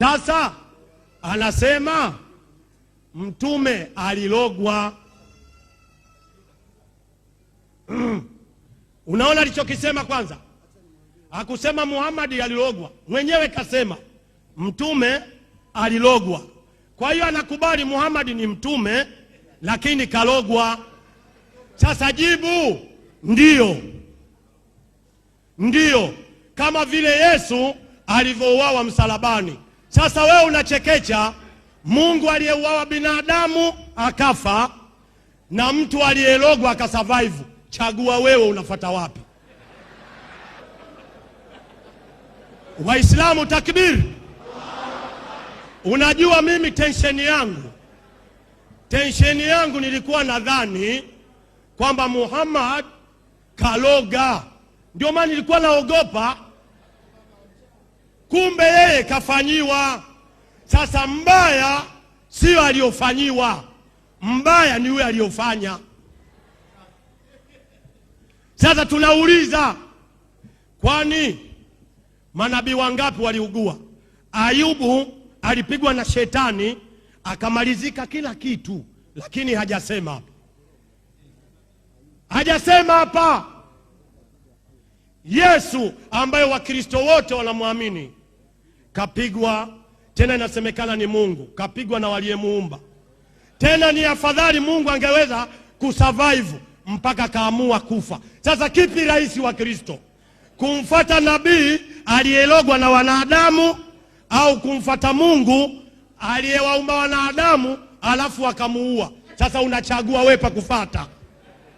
Sasa anasema mtume alilogwa. Unaona alichokisema kwanza, akusema Muhamadi alilogwa, mwenyewe kasema mtume alilogwa. Kwa hiyo anakubali Muhamadi ni mtume, lakini kalogwa. Sasa jibu ndiyo, ndiyo, kama vile Yesu alivyouawa msalabani sasa wewe unachekecha Mungu aliyeuawa binadamu akafa na mtu aliyelogwa akasurvive. Chagua wewe unafata wapi? Waislamu takbiri! Unajua mimi tensheni yangu, tensheni yangu nilikuwa nadhani kwamba Muhammad kaloga, ndio maana nilikuwa naogopa kumbe yeye kafanyiwa. Sasa mbaya siyo aliyofanyiwa, mbaya ni yule aliyofanya. Sasa tunauliza, kwani manabii wangapi waliugua? Ayubu alipigwa na shetani akamalizika kila kitu, lakini hajasema hapa, hajasema hapa Yesu ambaye Wakristo wote wanamwamini kapigwa tena, inasemekana ni Mungu kapigwa na waliyemuumba. Tena ni afadhali Mungu angeweza kusurvive mpaka kaamua kufa. Sasa kipi rahisi wa Kristo, kumfata nabii aliyelogwa na wanadamu au kumfata Mungu aliyewaumba wanadamu alafu akamuua? Sasa unachagua wewe pa kufata.